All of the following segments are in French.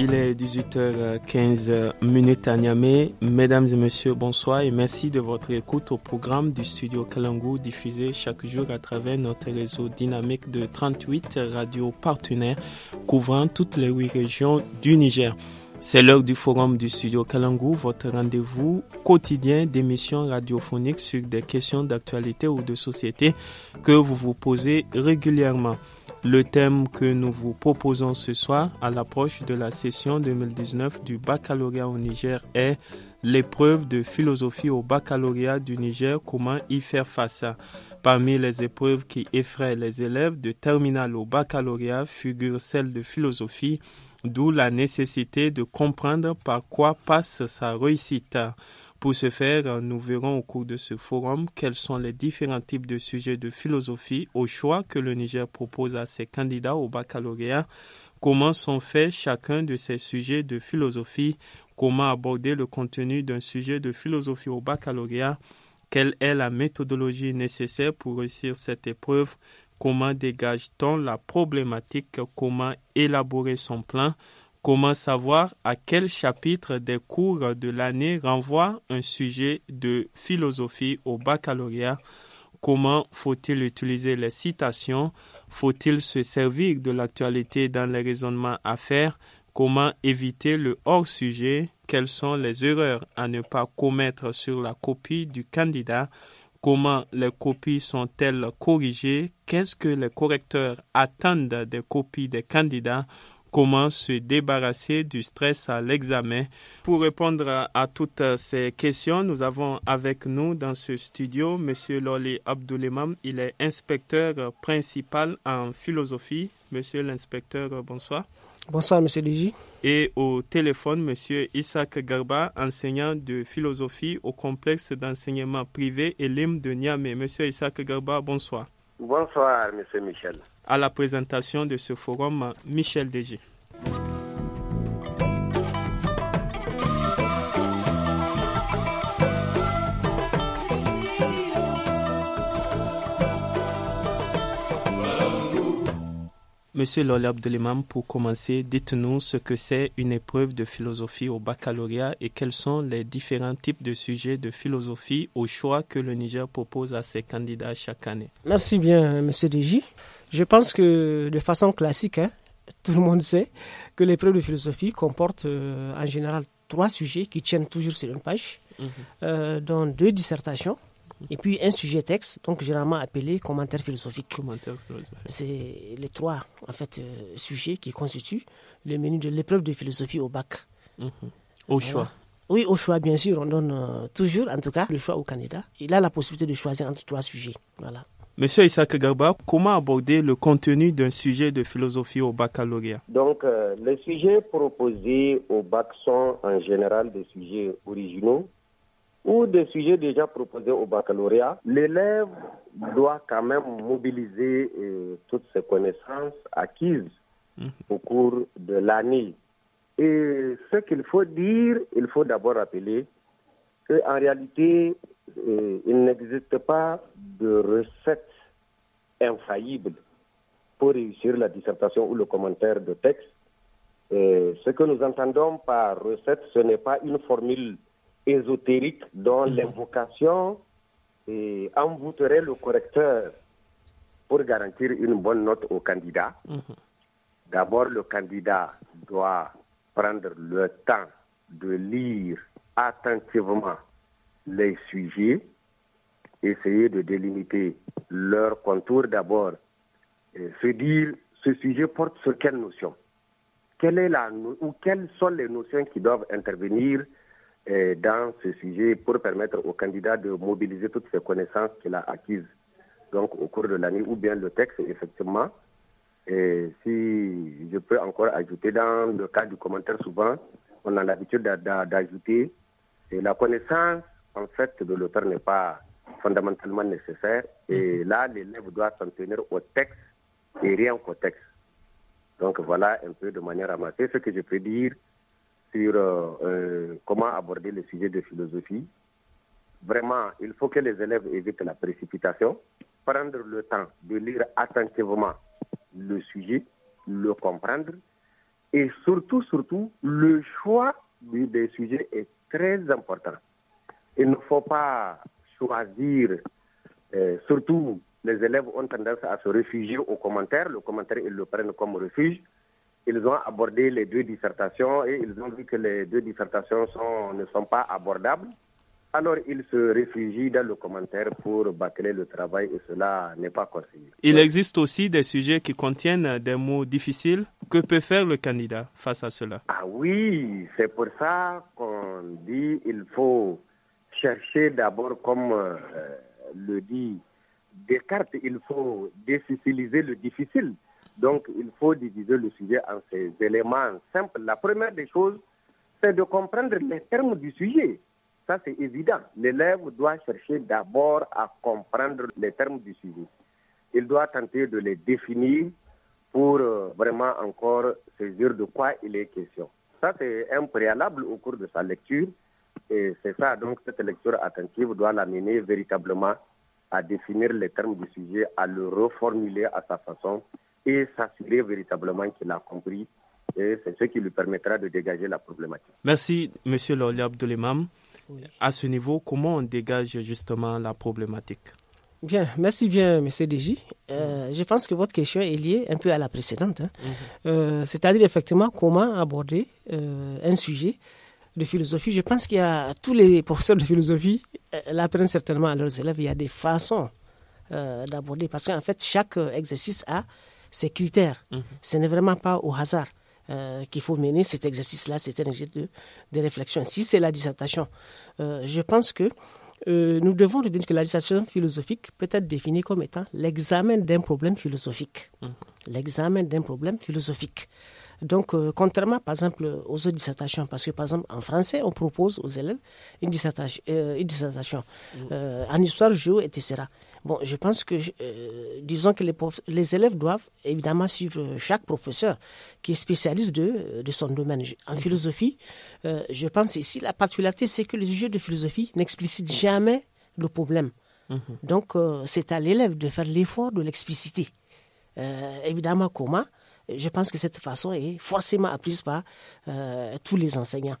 Il est 18h15 à Niamey. Mesdames et messieurs, bonsoir et merci de votre écoute au programme du studio Kalangou diffusé chaque jour à travers notre réseau dynamique de 38 radios partenaires couvrant toutes les huit régions du Niger. C'est l'heure du forum du studio Kalangu, votre rendez-vous quotidien d'émissions radiophoniques sur des questions d'actualité ou de société que vous vous posez régulièrement. Le thème que nous vous proposons ce soir à l'approche de la session 2019 du baccalauréat au Niger est l'épreuve de philosophie au baccalauréat du Niger, comment y faire face. Parmi les épreuves qui effraient les élèves de terminale au baccalauréat figure celle de philosophie d'où la nécessité de comprendre par quoi passe sa réussite. Pour ce faire, nous verrons au cours de ce forum quels sont les différents types de sujets de philosophie au choix que le Niger propose à ses candidats au baccalauréat, comment sont faits chacun de ces sujets de philosophie, comment aborder le contenu d'un sujet de philosophie au baccalauréat, quelle est la méthodologie nécessaire pour réussir cette épreuve, Comment dégage-t-on la problématique Comment élaborer son plan Comment savoir à quel chapitre des cours de l'année renvoie un sujet de philosophie au baccalauréat Comment faut-il utiliser les citations Faut-il se servir de l'actualité dans les raisonnements à faire Comment éviter le hors-sujet Quelles sont les erreurs à ne pas commettre sur la copie du candidat Comment les copies sont-elles corrigées Qu'est-ce que les correcteurs attendent des copies des candidats Comment se débarrasser du stress à l'examen Pour répondre à toutes ces questions, nous avons avec nous dans ce studio M. Loli Abdoulimam. Il est inspecteur principal en philosophie. Monsieur l'inspecteur, bonsoir. Bonsoir, Monsieur DJ. Et au téléphone, Monsieur Isaac Garba, enseignant de philosophie au complexe d'enseignement privé et l'hymne de Niamey. Monsieur Isaac Garba, bonsoir. Bonsoir, Monsieur Michel. À la présentation de ce forum, Michel DG Monsieur Lola Abdelimam, pour commencer, dites-nous ce que c'est une épreuve de philosophie au baccalauréat et quels sont les différents types de sujets de philosophie au choix que le Niger propose à ses candidats chaque année. Merci bien, euh, Monsieur DJ. Je pense que de façon classique, hein, tout le monde sait que l'épreuve de philosophie comporte euh, en général trois sujets qui tiennent toujours sur une page, mhm. euh, dont deux dissertations et puis un sujet texte, donc généralement appelé commentaire philosophique. Commentaire philosophique. C'est les trois en fait, euh, sujets qui constituent le menu de l'épreuve de philosophie au bac. Mm-hmm. Au choix. Oui, au choix, bien sûr. On donne euh, toujours, en tout cas, le choix au candidat. Il a la possibilité de choisir entre trois sujets. Voilà. Monsieur Isaac Garba, comment aborder le contenu d'un sujet de philosophie au baccalauréat Donc, euh, les sujets proposés au bac sont en général des sujets originaux ou des sujets déjà proposés au baccalauréat, l'élève doit quand même mobiliser euh, toutes ses connaissances acquises mmh. au cours de l'année. Et ce qu'il faut dire, il faut d'abord rappeler qu'en réalité, euh, il n'existe pas de recette infaillible pour réussir la dissertation ou le commentaire de texte. Et euh, ce que nous entendons par recette, ce n'est pas une formule ésotérique dont mhm. l'invocation envoûterait le correcteur pour garantir une bonne note au candidat. Mhm. D'abord, le candidat doit prendre le temps de lire attentivement les sujets, essayer de délimiter leur contour d'abord, se dire ce sujet porte sur quelle notion, quelle est la, ou quelles sont les notions qui doivent intervenir euh, dans ce sujet pour permettre au candidat de mobiliser toutes ses connaissances qu'il a acquises donc au cours de l'année ou bien le texte effectivement. Et si je peux encore ajouter dans le cas du commentaire souvent, on a l'habitude d'ajouter la connaissance en fait de l'auteur n'est pas fondamentalement nécessaire et mhm. là l'élève doit s'en tenir au texte et rien qu'au texte. Donc voilà un peu de manière amassée ce que je peux dire sur euh, euh, comment aborder le sujet de philosophie. Vraiment, il faut que les élèves évitent la précipitation, prendre le temps de lire attentivement le sujet, le comprendre, et surtout, surtout, le choix des sujets est très important. Il ne faut pas choisir, euh, surtout les élèves ont tendance à se réfugier aux commentaires, le commentaire, ils le prennent comme refuge ils ont abordé les deux dissertations et ils ont vu que les deux dissertations sont, ne sont pas abordables. Alors ils se réfugient dans le commentaire pour bâcler le travail et cela n'est pas conseillé. Il existe aussi des sujets qui contiennent des mots difficiles. Que peut faire le candidat face à cela Ah oui, c'est pour ça qu'on dit qu'il faut chercher d'abord, comme euh, le dit Descartes, il faut difficiliser le difficile. Donc, il faut diviser le sujet en ces éléments simples. La première des choses, c'est de comprendre les termes du sujet. Ça, c'est évident. L'élève doit chercher d'abord à comprendre les termes du sujet. Il doit tenter de les définir pour euh, vraiment encore saisir de quoi il est question. Ça, c'est un préalable au cours de sa lecture. Et c'est ça, donc, cette lecture attentive doit l'amener véritablement à définir les termes du sujet, à le reformuler à sa façon et s'assurer véritablement qu'il a compris. Et c'est ce qui lui permettra de dégager la problématique. Merci, M. Loli À ce niveau, comment on dégage justement la problématique Bien, merci bien, M. DJ. Euh, je pense que votre question est liée un peu à la précédente. Hein. Mhm. Euh, c'est-à-dire, effectivement, comment aborder euh, un sujet de philosophie. Je pense qu'il y a tous les professeurs de philosophie l'apprennent certainement à leurs élèves. Il y a des façons d'aborder parce qu'en fait, chaque exercice a ces critères. Mhm. Ce n'est vraiment pas au hasard. Euh, qu'il faut mener cet exercice-là, c'est un de, de, réflexion. Si c'est la dissertation, euh, je pense que euh, nous devons dire que la dissertation philosophique peut être définie comme étant l'examen d'un problème philosophique. Mhm. L'examen d'un problème philosophique. Donc, contrairement, par exemple, aux autres dissertations, parce que, par exemple, en français, on propose aux élèves une dissertation, mhm. en histoire, jeu, etc. Bon, je pense que, euh, disons que les, élèves doivent évidemment suivre chaque professeur qui est spécialiste de, euh, de son domaine. En mhm. philosophie, euh, je pense ici, la particularité, c'est que les sujets de philosophie n'explicite jamais le problème. Mhm. Donc, c'est à l'élève de faire l'effort de l'expliciter. évidemment, comment Je pense que cette façon est forcément apprise par tous les enseignants.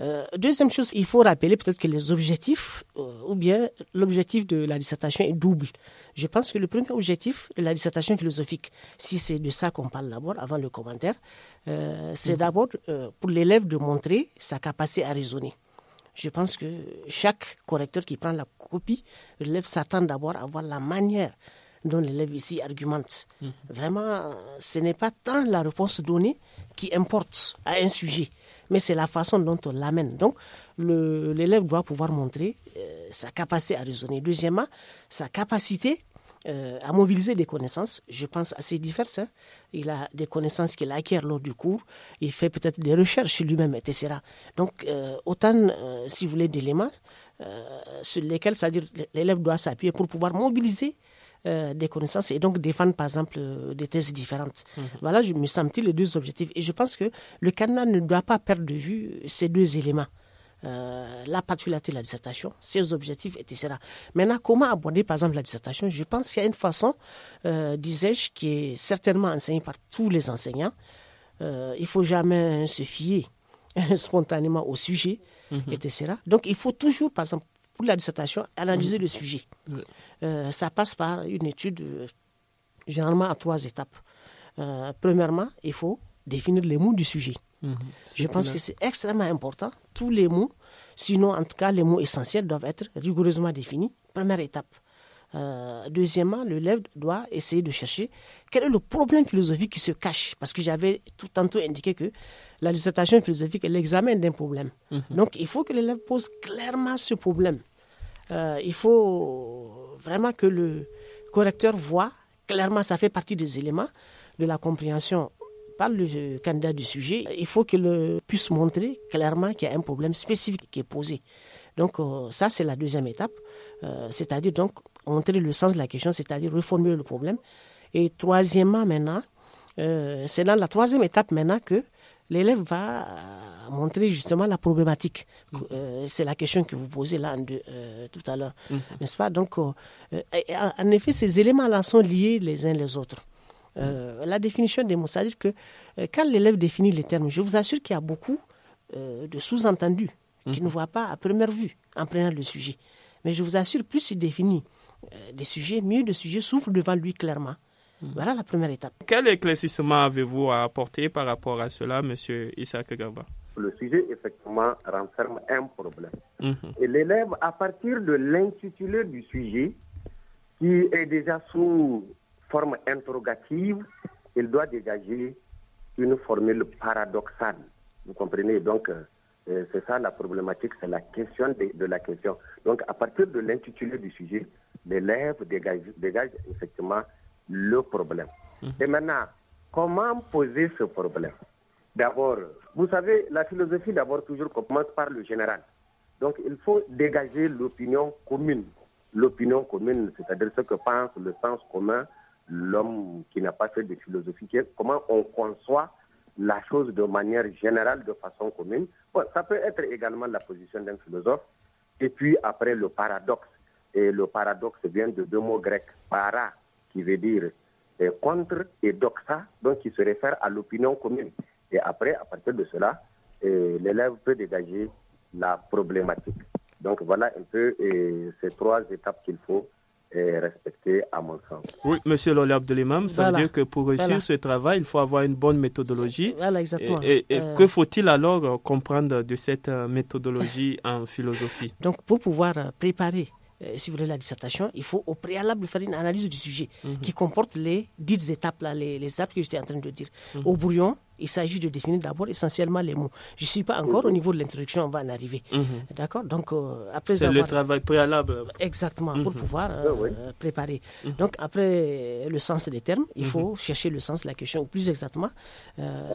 Euh, deuxième chose, il faut rappeler peut-être que les objectifs, euh, ou bien l'objectif de la dissertation est double. Je pense que le premier objectif de la dissertation philosophique, si c'est de ça qu'on parle d'abord, avant le commentaire, euh, c'est mhm. d'abord pour l'élève de montrer sa capacité à raisonner. Je pense que chaque correcteur qui prend la copie, l'élève s'attend d'abord à voir la manière dont l'élève ici argumente. Mhm. Vraiment, ce n'est pas tant la réponse donnée qui importe à un sujet, mais c'est la façon dont on l'amène. Donc, l'élève doit pouvoir montrer euh, sa capacité à raisonner. Deuxièmement, sa capacité euh, à mobiliser des connaissances, je pense, assez diverses. Hein. Il a des connaissances qu'il acquiert lors du cours, il fait peut-être des recherches lui-même, etc. Donc, euh, autant, si vous voulez, d'éléments sur lesquels, c'est-à-dire l'élève doit s'appuyer pour pouvoir mobiliser euh, des connaissances et donc défendre, par exemple, euh, des thèses différentes. Mhm. Voilà, je me semble-t-il, les deux objectifs. Et je pense que le Canada ne doit pas perdre de vue ces deux éléments. Euh, la particularité de la dissertation, ses objectifs, etc. Maintenant, comment aborder, par exemple, la dissertation Je pense qu'il y a une façon, disais-je, qui est certainement enseignée par tous les enseignants. il ne faut jamais se fier spontanément au sujet, mhm. etc. Donc, il faut toujours, par exemple, pour la dissertation, analyser mm. le sujet. Euh, ça passe par une étude euh, généralement à trois étapes. Euh, premièrement, il faut définir les mots du sujet. Mm-hmm. Je pense que c'est extrêmement important. Tous les mots, sinon en tout cas les mots essentiels, doivent être rigoureusement définis. Première étape. Euh, deuxièmement, l'élève doit essayer de chercher quel est le problème philosophique qui se cache. Parce que j'avais tout tantôt indiqué que la dissertation philosophique est l'examen d'un problème. Mhm. Donc, il faut que l'élève pose clairement ce problème. Euh, il faut vraiment que le correcteur voit clairement, ça fait partie des éléments de la compréhension par le candidat du sujet. Il faut qu'il puisse montrer clairement qu'il y a un problème spécifique qui est posé. Donc, euh, ça, c'est la deuxième étape, euh, c'est-à-dire donc montrer le sens de la question, c'est-à-dire reformuler le problème. Et troisièmement, maintenant, c'est dans la troisième étape maintenant que l'élève va euh, montrer justement la problématique. Mm. Euh, c'est la question que vous posez là euh, tout à l'heure, mm. n'est-ce pas Donc, en effet, ces éléments-là sont liés les uns les autres. Mm. La définition des mots, c'est-à-dire que quand l'élève définit les termes, je vous assure qu'il y a beaucoup de sous-entendus qu'il ne voit pas à première vue en prenant le sujet. Mais je vous assure, plus il définit des sujets, mieux le sujet s'ouvre devant lui clairement. Mm. Voilà la première étape. Quel éclaircissement avez-vous à apporter par rapport à cela, Monsieur Issa Kagaba Le sujet, effectivement, renferme un problème. Mm-hmm. Et l'élève, à partir de l'intitulé du sujet, qui est déjà sous forme interrogative, il doit dégager une formule paradoxale. Vous comprenez Donc, euh, c'est ça la problématique, c'est la question de, la question. Donc, à partir de l'intitulé du sujet, l'élève dégage effectivement le problème. Mhm. Et maintenant, comment poser ce problème D'abord, vous savez, la philosophie d'abord toujours commence par le général. Donc il faut dégager l'opinion commune. L'opinion commune, c'est-à-dire ce que pense le sens commun, l'homme qui n'a pas fait de philosophie, comment on conçoit la chose de manière générale, de façon commune. ça peut être également la position d'un philosophe. Et puis après, le paradoxe. Et le paradoxe vient de deux mots grecs, para, qui veut dire euh, contre et doxa, donc qui se réfère à l'opinion commune. Et après, à partir de cela, euh, l'élève peut dégager la problématique. Donc voilà un peu euh, ces trois étapes qu'il faut respecter à mon sens. Oui, monsieur de Abdelimam, ça veut dire que pour réussir ce travail, il faut avoir une bonne méthodologie. Voilà, exactement. Et, que faut-il alors comprendre de cette méthodologie en philosophie Donc pour pouvoir préparer euh, si vous voulez, la dissertation, il faut au préalable faire une analyse du sujet mhm. qui comporte les dites étapes, là, les, étapes que j'étais en train de dire. Mhm. Au brouillon, il s'agit de définir d'abord essentiellement les mots. Je ne suis pas encore au mhm. niveau de l'introduction, on va en arriver. Mhm. D'accord Donc, euh, après. C'est le travail préalable. Exactement, pour mhm. pouvoir ah euh, préparer. Donc, après le sens des termes, il faut chercher le sens de la question, ou plus exactement, euh,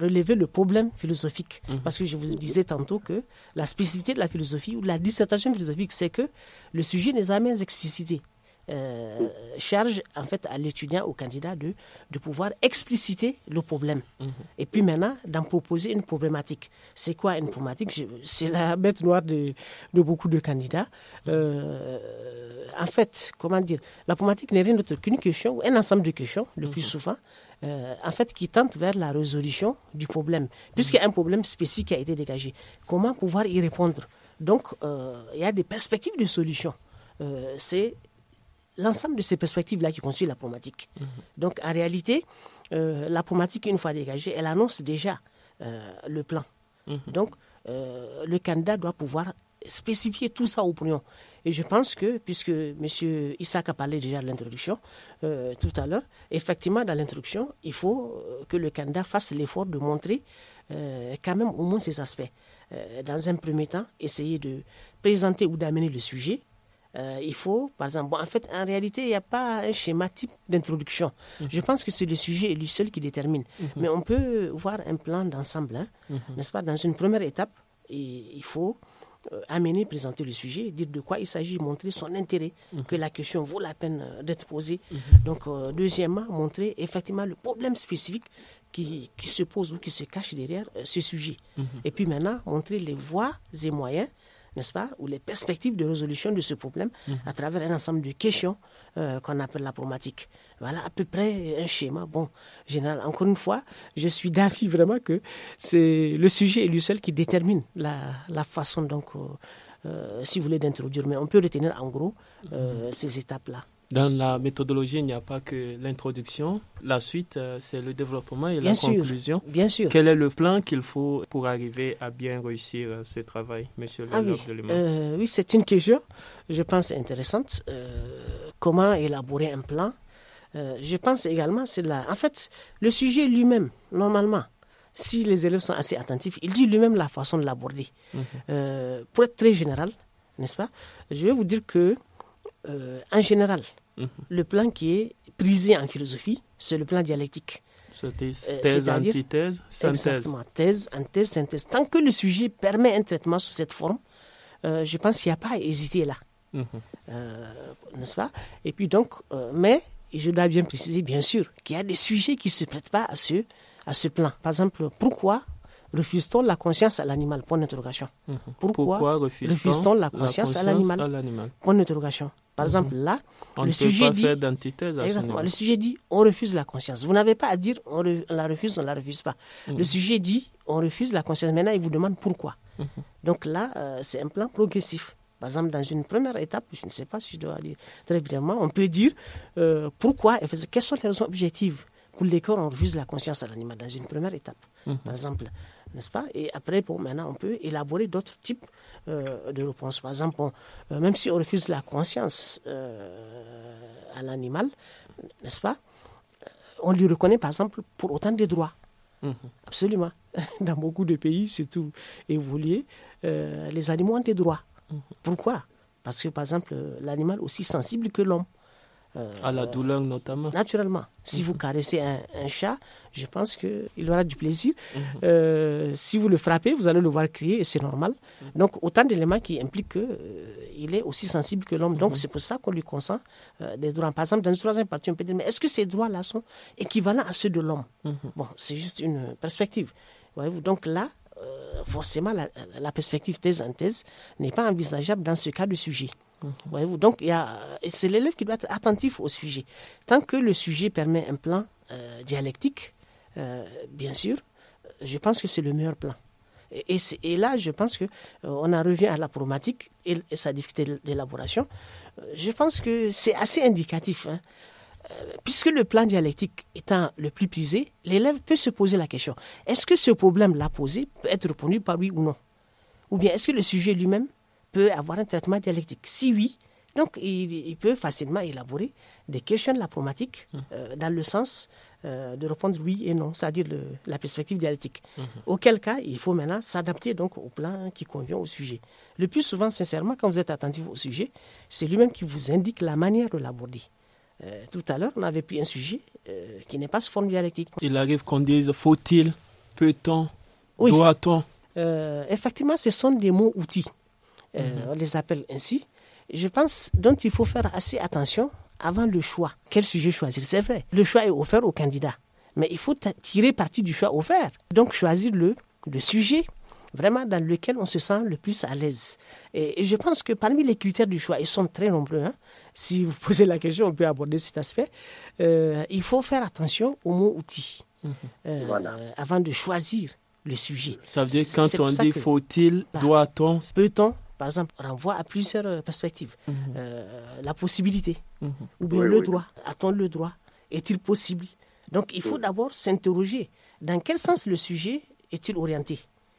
relever le problème philosophique. Parce que je vous disais tantôt que la spécificité de la philosophie ou de la dissertation philosophique, c'est que le sujet n'est jamais explicité. Euh, charge en fait à l'étudiant, au candidat de, de pouvoir expliciter le problème. Mhm. Et puis maintenant, d'en proposer une problématique. C'est quoi une problématique C'est la bête noire de, de beaucoup de candidats. Mhm. Euh, en fait, comment dire La problématique n'est rien d'autre qu'une question, ou un ensemble de questions, le plus mhm. souvent, euh, en fait, qui tente vers la résolution du problème, puisqu'il y a un problème spécifique qui a été dégagé. Comment pouvoir y répondre Donc, il y a des perspectives de solutions. c'est l'ensemble de ces perspectives-là qui constituent la problématique. Mhm. Donc, en réalité, euh, la problématique, une fois dégagée, elle annonce déjà euh, le plan. Mhm. Donc, euh, le candidat doit pouvoir spécifier tout ça au prion. Et je pense que, puisque M. Isaac a parlé déjà de l'introduction tout à l'heure, effectivement, dans l'introduction, il faut que le candidat fasse l'effort de montrer quand même au moins ces aspects. dans un premier temps, essayer de présenter ou d'amener le sujet euh, il faut, par exemple, bon, en fait, en réalité, il n'y a pas un schéma type d'introduction. Mhm. Je pense que c'est le sujet et lui seul qui détermine. Mhm. Mais on peut voir un plan d'ensemble, hein, mhm. n'est-ce pas Dans une première étape, il faut euh, amener, présenter le sujet, dire de quoi il s'agit, montrer son intérêt, que la question vaut la peine euh, d'être posée. Donc, deuxièmement, montrer effectivement le problème spécifique qui, qui, se pose ou qui se cache derrière ce sujet. Et puis maintenant, montrer les voies et moyens n'est-ce pas, ou les perspectives de résolution de ce problème à travers un ensemble de questions euh, qu'on appelle la problématique. Voilà à peu près un schéma. Bon, général, encore une fois, je suis d'avis vraiment que c'est le sujet lui seul qui détermine la, façon, donc, euh, euh, si vous voulez, d'introduire. Mais on peut retenir en gros ces étapes-là. Dans la méthodologie, il n'y a pas que l'introduction. La suite, euh, c'est le développement et la conclusion. Bien sûr. Quel est le plan qu'il faut pour arriver à bien réussir euh, ce travail, Monsieur le ah oui. de euh, Oui, c'est une question, je pense, intéressante. Euh, comment élaborer un plan Je pense également, c'est la... En fait, le sujet lui-même, normalement, si les élèves sont assez attentifs, il dit lui-même la façon de l'aborder. Mhm. pour être très général, n'est-ce pas Je vais vous dire que euh, en général, mhm. le plan qui est prisé en philosophie, c'est le plan dialectique. Euh, thèse, antithèse, synthèse. thèse, antithèse, synthèse. Tant que le sujet permet un traitement sous cette forme, euh, je pense qu'il n'y a pas à hésiter là. Mhm. N'est-ce pas Et puis donc, mais je dois bien préciser, bien sûr, qu'il y a des sujets qui ne se prêtent pas à à ce plan. Par exemple, pourquoi refuse-t-on la conscience à l'animal Point d'interrogation. Mhm. Pourquoi, refuse-t-on la, conscience, à l'animal Point d'interrogation. Par mhm. exemple, là, le, sujet dit, exactement, le sujet dit on refuse la conscience. Vous n'avez pas à dire on, la refuse, on la refuse pas. Mhm. Le sujet dit on refuse la conscience. Maintenant, il vous demande pourquoi. Donc là, euh, c'est un plan progressif. Par exemple, dans une première étape, je ne sais pas si je dois dire très évidemment, on peut dire euh, pourquoi, quelles sont les raisons objectives pour lesquelles on refuse la conscience à l'animal dans une première étape. Par exemple, n'est-ce pas Et après, pour maintenant, on peut élaborer d'autres types euh, de réponses. Par exemple, euh, même si on refuse la conscience euh, à l'animal, n'est-ce pas On lui reconnaît, par exemple, pour autant des droits. Mhm. Absolument. Dans beaucoup de pays, surtout évolués, les animaux ont des droits. Mhm. Pourquoi Parce que, par exemple, l'animal aussi sensible que l'homme. Euh, à la douleur notamment. Naturellement. Si mhm. vous caressez un, chat, je pense qu'il aura du plaisir. Mhm. Euh, si vous le frappez, vous allez le voir crier et c'est normal. Mhm. Donc autant d'éléments qui impliquent qu'il euh, est aussi sensible que l'homme. Donc c'est pour ça qu'on lui consent des droits. Par exemple, dans une troisième partie, on peut dire, mais est-ce que ces droits-là sont équivalents à ceux de l'homme Bon, c'est juste une perspective. Voyez-vous, donc là, forcément, la, la perspective thèse thèse n'est pas envisageable dans ce cas de sujet. Voyez-vous, donc c'est l'élève qui doit être attentif au sujet. Tant que le sujet permet un plan euh, dialectique, euh, bien sûr, je pense que c'est le meilleur plan. Et, là, je pense que euh, on en revient à la problématique et, sa difficulté d'élaboration. Je pense que c'est assez indicatif. Hein. Puisque le plan dialectique étant le plus prisé, l'élève peut se poser la question est-ce que ce problème-là posé peut être répondu par lui ou non Ou bien est-ce que le sujet lui-même peut avoir un traitement dialectique Si oui, donc il, peut facilement élaborer des questions de la problématique hum. euh, dans le sens euh, de répondre oui et non, c'est-à-dire la perspective dialectique. Hum. Auquel cas, il faut maintenant s'adapter donc au plan qui convient au sujet. Le plus souvent, sincèrement, quand vous êtes attentif au sujet, c'est lui-même qui vous indique la manière de l'aborder. Euh, tout à l'heure, on avait pris un sujet qui n'est pas sous forme dialectique. Il arrive qu'on dise faut-il, peut-on, doit-on. effectivement, ce sont des mots outils. Euh, mhm. on les appelle ainsi, je pense, donc il faut faire assez attention avant le choix. Quel sujet choisir C'est vrai, le choix est offert au candidat, mais il faut tirer parti du choix offert. Donc choisir le, le sujet vraiment dans lequel on se sent le plus à l'aise. Et, je pense que parmi les critères du choix, ils sont très nombreux. Hein. si vous posez la question, on peut aborder cet aspect. Euh, il faut faire attention au mot outil mhm. euh, avant de choisir le sujet. Ça veut dire quand on dit faut-il, bah, doit-on Peut-on par exemple, renvoie à plusieurs euh, perspectives. Mhm. Euh, la possibilité, mhm. ou bien le droit. a le droit Est-il possible Donc, il faut d'abord s'interroger dans quel sens le sujet est-il orienté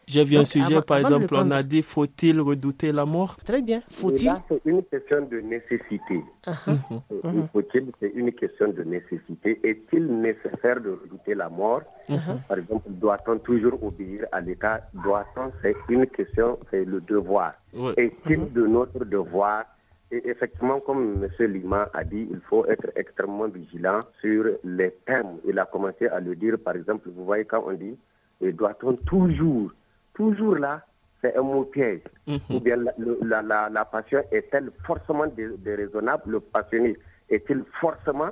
j'ai vu un sujet, par exemple, on a dit faut-il redouter la mort Très bien. Faut-il C'est une question de nécessité. Ah, ah. Mhm. Mhm. Faut-il C'est une question de nécessité. Est-il nécessaire de redouter la mort mhm. Par exemple, doit-on toujours obéir à l'État Doit-on C'est une question, c'est le devoir. Est-il de notre devoir et effectivement, comme M. Lima a dit, il faut être extrêmement vigilant sur les thèmes. Il a commencé à le dire, par exemple, vous voyez quand on dit, doit-on toujours toujours là, c'est un mot piège. Mhm. Ou bien la, passion est-elle forcément déraisonnable Le passionniste est-il forcément.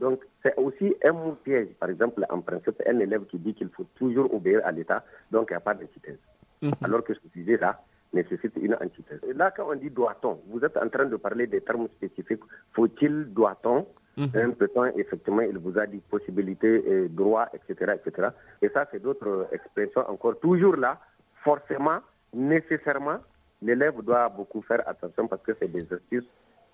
Donc, c'est aussi un mot piège. Par exemple, en principe, un élève qui dit qu'il faut toujours obéir à l'État, donc il n'y a pas d'antithèse. Mhm. Alors que ce sujet-là nécessite une antithèse. là, quand on dit doit-on, vous êtes en train de parler des termes spécifiques. Faut-il, doit-on mhm. un peu temps, effectivement, il vous a dit possibilité, droit, etc., etc. Et ça, c'est d'autres expressions encore toujours là forcément, nécessairement, l'élève doit beaucoup faire attention parce que c'est des astuces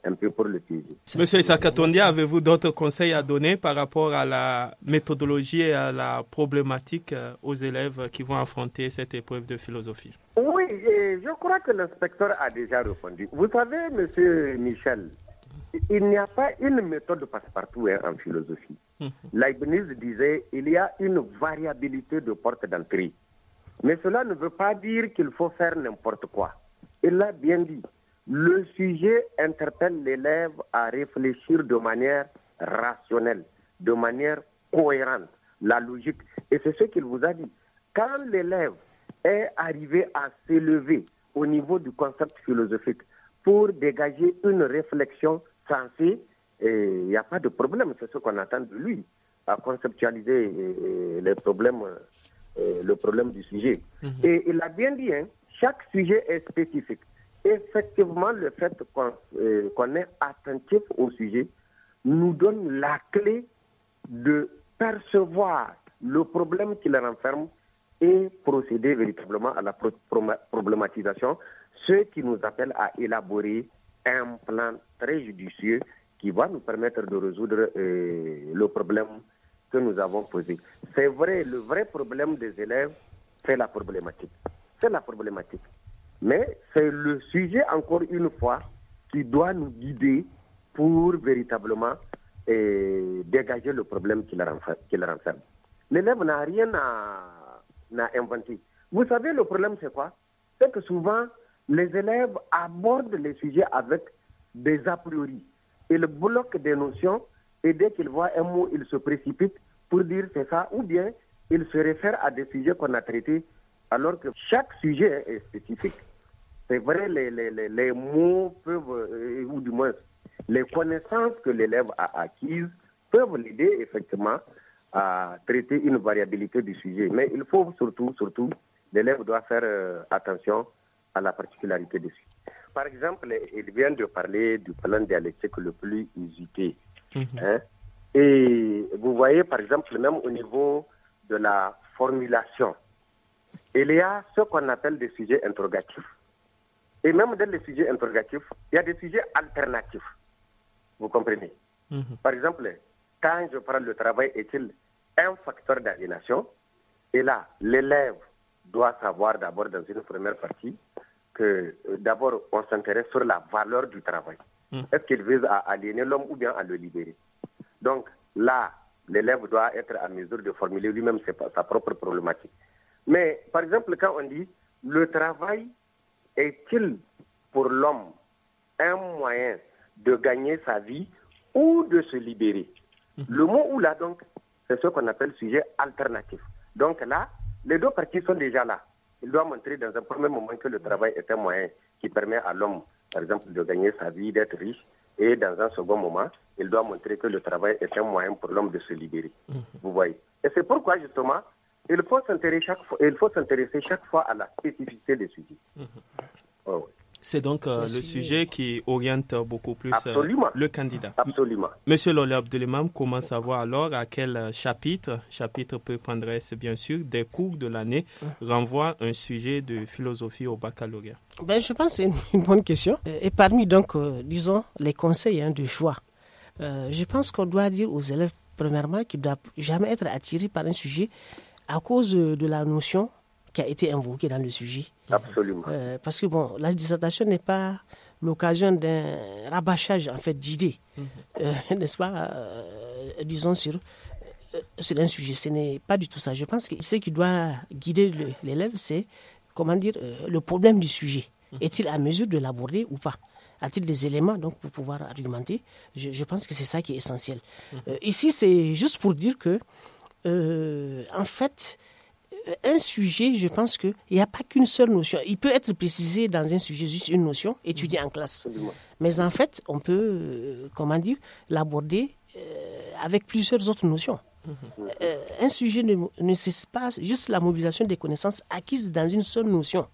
un peu pour le physique. Monsieur Isakatondia, avez-vous d'autres conseils à donner par rapport à la méthodologie et à la problématique euh, aux élèves qui vont affronter cette épreuve de philosophie Oui, je crois que l'inspecteur a déjà répondu. Vous savez, monsieur Michel, il n'y a pas une méthode passe-partout hein, en philosophie. Hum. Leibniz disait il y a une variabilité de porte d'entrée. Mais cela ne veut pas dire qu'il faut faire n'importe quoi. Il l'a bien dit. Le sujet interpelle l'élève à réfléchir de manière rationnelle, de manière cohérente, la logique. Et c'est ce qu'il vous a dit. Quand l'élève est arrivé à s'élever au niveau du concept philosophique pour dégager une réflexion sensée, il n'y a pas de problème. C'est ce qu'on attend de lui, à conceptualiser les problèmes euh, euh, le problème du sujet. Mhm. Et il a bien dit, hein, chaque sujet est spécifique. Effectivement, le fait euh, qu'on est attentif au sujet nous donne la clé de percevoir le problème qui le renferme et procéder véritablement à la problématisation, ce qui nous appelle à élaborer un plan très judicieux qui va nous permettre de résoudre euh, le problème nous avons posé. C'est vrai, le vrai problème des élèves, c'est la problématique. C'est la problématique. Mais c'est le sujet, encore une fois, qui doit nous guider pour véritablement eh, dégager le problème qu'il renferme. L'élève n'a rien à, à inventer. Vous savez, le problème, c'est quoi C'est que souvent, les élèves abordent les sujets avec des a priori. Ils bloquent des notions et dès qu'ils voient un mot, ils se précipitent pour dire c'est ça, ou bien il se réfère à des sujets qu'on a traités, alors que chaque sujet est spécifique. C'est vrai, les, les, les, mots peuvent, euh, ou du moins les connaissances que l'élève a acquises peuvent l'aider effectivement à traiter une variabilité du sujet. Mais il faut surtout, surtout, l'élève doit faire euh, attention à la particularité du sujet. Par exemple, il vient de parler du plan dialectique le plus usité. Mhm. Hein? Et vous voyez, par exemple, même au niveau de la formulation, il y a ce qu'on appelle des sujets interrogatifs. Et même dans les sujets interrogatifs, il y a des sujets alternatifs. Vous comprenez mhm. Par exemple, quand je parle de travail, est-il un facteur d'aliénation Et là, l'élève doit savoir d'abord dans une première partie que euh, d'abord on s'intéresse sur la valeur du travail. Mhm. Est-ce qu'il vise à aliéner l'homme ou bien à le libérer donc là, l'élève doit être à mesure de formuler lui-même sa propre problématique. Mais par exemple, quand on dit le travail est-il pour l'homme un moyen de gagner sa vie ou de se libérer mhm. Le mot ou là, donc, c'est ce qu'on appelle sujet alternatif. Donc là, les deux parties sont déjà là. Il doit montrer dans un premier moment que le travail est un moyen qui permet à l'homme, par exemple, de gagner sa vie, d'être riche, et dans un second moment, il doit montrer que le travail est un moyen pour l'homme de se libérer. Mhm. Vous voyez. Et c'est pourquoi, justement, il faut s'intéresser chaque, fois, chaque fois à la spécificité des sujets. Mhm. Oh, oui, c'est donc euh, le sujet qui oriente beaucoup plus euh, le candidat. Absolument. Monsieur Lolé Abdelimam, comment savoir alors à quel euh, chapitre, chapitre peut bien sûr, des cours de l'année renvoie un sujet de philosophie au baccalauréat ben, Je pense que c'est une bonne question. Et parmi donc, disons, les conseils hein, de choix, je pense qu'on doit dire aux élèves, premièrement, qu'ils ne doivent jamais être attirés par un sujet à cause de la notion qui a été invoqué dans le sujet. Absolument. Euh, parce que bon, la dissertation n'est pas l'occasion d'un rabâchage en fait d'idées, mm-hmm. euh, n'est-ce pas euh, Disons sur c'est un sujet, ce n'est pas du tout ça. Je pense que ce qui doit guider l'élève, c'est comment dire le problème du sujet. Mm-hmm. Est-il à mesure de l'aborder ou pas a-t-il des éléments donc pour pouvoir argumenter je, pense que c'est ça qui est essentiel. Mm-hmm. ici, c'est juste pour dire que, en fait, euh, un sujet, je pense qu'il n'y a pas qu'une seule notion. Il peut être précisé dans un sujet, juste une notion, étudiée en classe. Mais en fait, on peut, euh, comment dire, l'aborder euh, avec plusieurs autres notions. Mhm. un sujet ne, cesse pas juste la mobilisation des connaissances acquises dans une seule notion.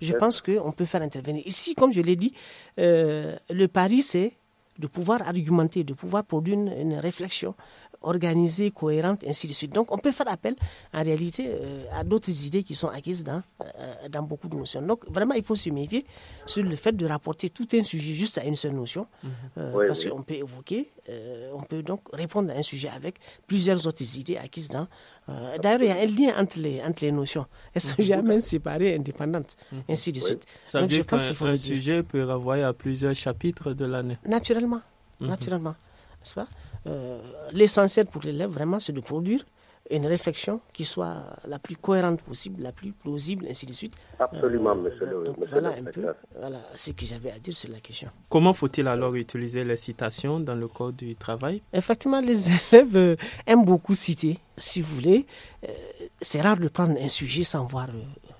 Je pense qu'on peut faire intervenir. Ici, comme je l'ai dit, le pari, c'est de pouvoir argumenter, de pouvoir produire une réflexion organisée, cohérente, ainsi de suite. Donc on peut faire appel en réalité euh, à d'autres idées qui sont acquises dans, euh, dans beaucoup de notions. Donc vraiment, il faut se méfier sur le fait de rapporter tout un sujet juste à une seule notion, mhm. euh, parce qu'on peut évoquer, on peut donc répondre à un sujet avec plusieurs autres idées acquises dans, D'ailleurs, il y a un lien entre les, entre les notions. Elles sont mhm. jamais séparées, indépendantes, mhm. ainsi de suite. Ça veut dire qu'un sujet peut renvoyer à plusieurs chapitres de l'année. Naturellement, naturellement, n'est-ce pas euh, l'essentiel pour l'élève, vraiment, c'est de produire une réflexion qui soit la plus cohérente possible, la plus plausible, ainsi de suite. Absolument, euh, monsieur le Président. Voilà un peu ce que j'avais à dire sur la question. Comment faut-il alors utiliser les citations dans le code du travail Effectivement, les élèves euh, aiment beaucoup citer, si vous voulez. c'est rare de prendre un sujet sans voir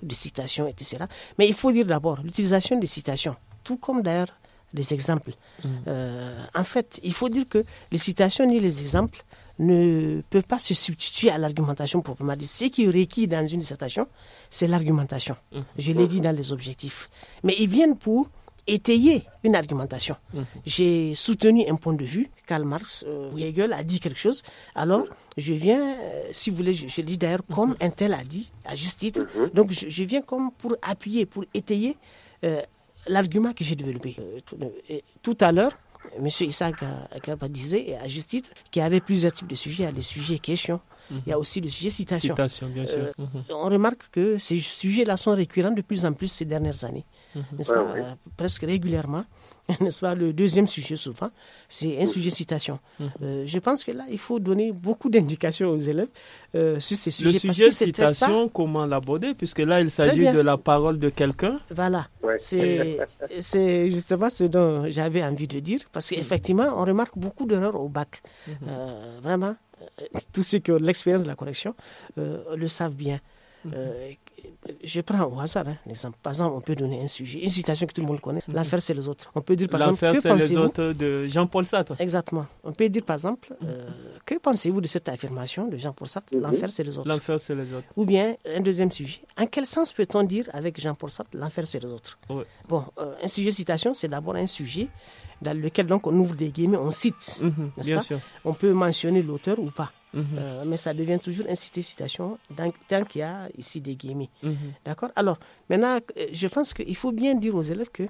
de citations, etc. Mais il faut dire d'abord l'utilisation des citations, tout comme d'ailleurs les exemples. Mm. Euh, en fait, il faut dire que les citations ni les exemples ne peuvent pas se substituer à l'argumentation proprement dit. Ce qui est requis dans une dissertation, c'est l'argumentation. Mm. Je l'ai dit dans les objectifs. Mais ils viennent pour étayer une argumentation. Mm. J'ai soutenu un point de vue. Karl Marx, euh, Hegel a dit quelque chose. Alors, je viens, euh, si vous voulez, je, je dis d'ailleurs comme mm-hmm. un tel a dit, à juste titre. Mm-hmm. Donc, je, viens comme pour appuyer, pour étayer euh, l'argument que j'ai développé. Euh, euh, tout à l'heure, M. Isaac Akaba disait, à juste titre, qu'il y avait plusieurs types de sujets. Il y a les sujets questions, mhm. il y a aussi le sujet citation. citation bien sûr. Euh, mhm. On remarque que ces sujets-là sont récurrents de plus en plus ces dernières années, mhm. presque régulièrement. nest le deuxième sujet souvent, c'est un sujet mm. citation. Mm. Euh, je pense que là, il faut donner beaucoup d'indications aux élèves euh, sur ces sujets. Le sujet citation, comment l'aborder Puisque là, il s'agit de la parole de quelqu'un. Voilà. C'est justement ce dont j'avais envie de dire. Parce qu'effectivement, mm. on remarque beaucoup d'erreurs au bac. Mm-hmm. Euh, vraiment, tous ceux qui ont l'expérience de la correction le savent bien. Mm-hmm je prends au hasard hein, Par exemple, on peut donner un sujet, une citation que tout le monde connaît. Mhm. l'enfer c'est les autres. On peut dire, par exemple, que c'est les autres de Jean-Paul Sartre. Exactement. On peut dire, par exemple, euh, mhm. que pensez-vous de cette affirmation de Jean-Paul Sartre mhm. L'enfer, c'est les autres. L'enfer, c'est les autres. Ou bien, un deuxième sujet. En quel sens peut-on dire avec Jean-Paul Sartre, l'enfer, c'est les autres Bon, euh, un sujet citation, c'est d'abord un sujet dans lequel donc on ouvre des guillemets, on cite. Mhm, bien pas sûr. On peut mentionner l'auteur ou pas. Mhm. Euh, mais ça devient toujours un citation tant qu'il y a ici des guillemets. Mhm. D'accord Alors, maintenant, euh, je pense qu'il faut bien dire aux élèves que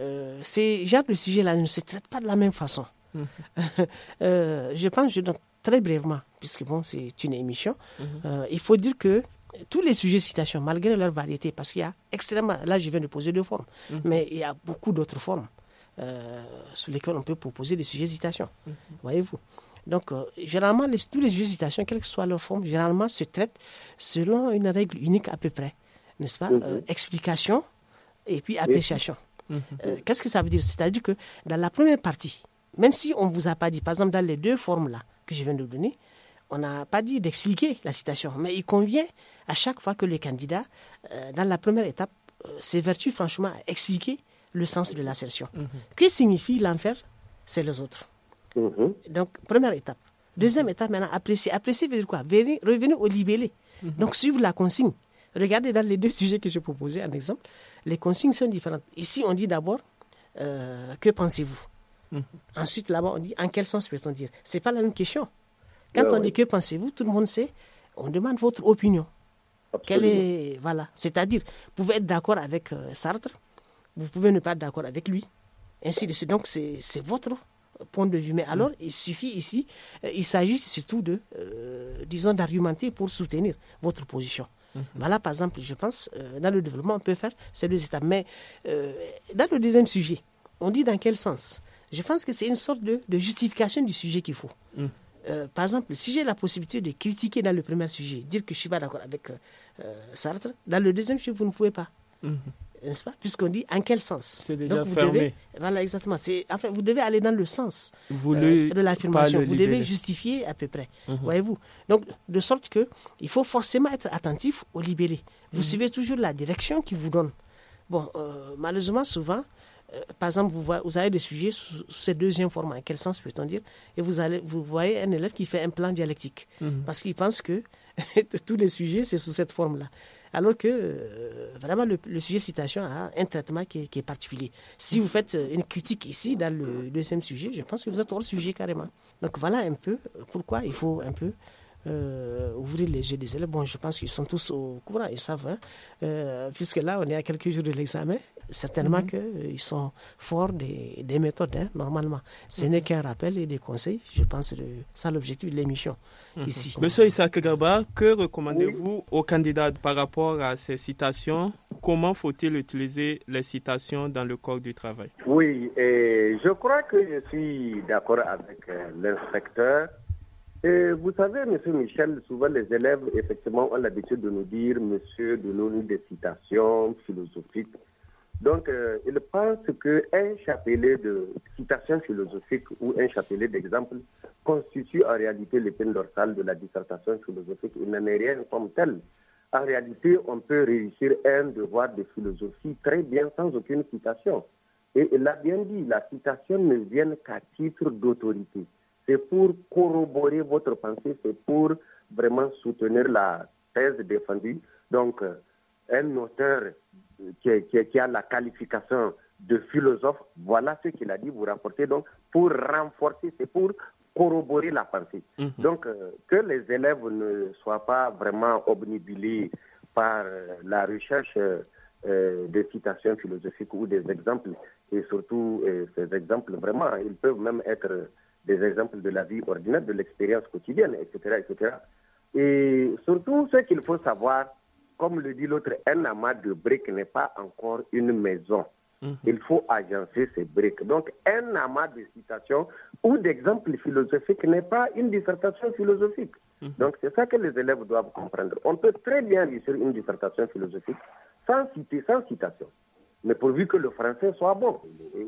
euh, ces genres de sujets-là ne se traitent pas de la même façon. Euh, je pense, je très brièvement, puisque bon, c'est une émission, il faut dire que tous les sujets citations malgré leur variété, parce qu'il y a extrêmement, là je viens de poser deux formes, mais il y a beaucoup d'autres formes. Euh, sur lesquels on peut proposer des sujets d'hésitation. Mhm. Voyez-vous donc, euh, généralement, les, tous les sujets d'hésitation, quelle que soit leur forme, généralement se traitent selon une règle unique à peu près, n'est-ce pas mhm. euh, Explication et puis appréciation. Mhm. Qu'est-ce que ça veut dire C'est-à-dire que dans la première partie, même si on ne vous a pas dit, par exemple, dans les deux formes-là que je viens de vous donner, on n'a pas dit d'expliquer la citation, mais il convient à chaque fois que les candidats dans la première étape, ces vertus franchement à expliquer le sens de l'assertion. Mhm. Que signifie l'enfer C'est les autres. Mhm. Donc, première étape. Deuxième étape, maintenant, apprécier. Apprécier veut dire quoi Revenez Revenir au libellé. Mhm. Donc, suivre la consigne. Regardez dans les deux sujets que je proposais, en exemple, les consignes sont différentes. Ici, on dit d'abord, euh, que pensez-vous Ensuite, là-bas, on dit, en quel sens peut-on dire n'est pas la même question. Quand ah on dit que pensez-vous, tout le monde sait, on demande votre opinion. est, voilà, c'est-à-dire, vous pouvez être d'accord avec euh, Sartre, vous pouvez ne pas être d'accord avec lui. Ainsi de Donc, c'est votre point de vue. Mais mm. alors, il suffit ici, euh, il s'agit surtout de, euh, disons, d'argumenter pour soutenir votre position. Mm-hmm. Voilà, par exemple, je pense, euh, dans le développement, on peut faire ces deux étapes. Mais dans le deuxième sujet, on dit dans quel sens Je pense que c'est une sorte de, justification du sujet qu'il faut. Mm. par exemple, si j'ai la possibilité de critiquer dans le premier sujet, dire que je ne suis pas d'accord avec Sartre, dans le deuxième sujet, vous ne pouvez pas. Mm-hmm n'est-ce pas Puisqu'on dit en quel sens Donc vous Devez, voilà, exactement. Enfin, vous devez aller dans le sens euh, de l'affirmation. Vous devez justifier à peu près, mhm. voyez-vous. Donc, de sorte que il faut forcément être attentif au libéré. Vous mhm. suivez toujours la direction qu'il vous donne. Bon, euh, malheureusement, souvent, euh, par exemple, vous, vous, avez des sujets sous, cette deuxième forme En quel sens peut-on dire Et vous, allez, vous voyez un élève qui fait un plan dialectique mhm. parce qu'il pense que tous les sujets, c'est sous cette forme-là. Alors que euh, vraiment le, sujet citation a un traitement qui est, particulier. Si vous faites euh, une critique ici dans le deuxième sujet, je pense que vous êtes hors sujet carrément. Donc voilà un peu pourquoi il faut un peu euh, ouvrir les yeux des élèves. Bon, je pense qu'ils sont tous au courant, ils savent, hein. puisque là, on est à quelques jours de l'examen certainement que mhm. ils qu'ils sont forts des, méthodes, hein, normalement. Ce mhm. n'est qu'un rappel et des conseils, je pense, que ça l'objectif de l'émission mhm. ici. Monsieur Isaac gaba que recommandez-vous aux candidats par rapport à ces citations Comment faut-il utiliser les citations dans le corps du travail Oui, et je crois que je suis d'accord avec euh, l'inspecteur. Et vous savez, Monsieur Michel, souvent les élèves, effectivement, ont l'habitude de nous dire, Monsieur, de nous des citations philosophiques donc, euh, il pense qu'un chapelet de citation philosophique ou un chapelet d'exemple constitue en réalité l'épine dorsale de la dissertation philosophique. Il n'en est rien comme tel. En réalité, on peut réussir un devoir de philosophie très bien sans aucune citation. Et il a bien dit, la citation ne vient qu'à titre d'autorité. C'est pour corroborer votre pensée, c'est pour vraiment soutenir la thèse défendue. Donc, un auteur qui, a la qualification de philosophe, voilà ce qu'il a dit, vous rapportez donc pour renforcer, c'est pour corroborer la pensée. Mhm. Donc, euh, que les élèves ne soient pas vraiment obnubilés par euh, la recherche euh, des citations philosophiques ou des exemples, et surtout ces exemples, vraiment, ils peuvent même être des exemples de la vie ordinaire, de l'expérience quotidienne, etc., etc. Et surtout, ce qu'il faut savoir, comme le dit l'autre, un amas de briques n'est pas encore une maison. Mhm. Il faut agencer ces briques. Donc, un amas de citations ou d'exemples philosophiques n'est pas une dissertation philosophique. Mhm. Donc, c'est ça que les élèves doivent comprendre. On peut très bien réussir une dissertation philosophique sans citer, sans citation. Mais pourvu que le français soit bon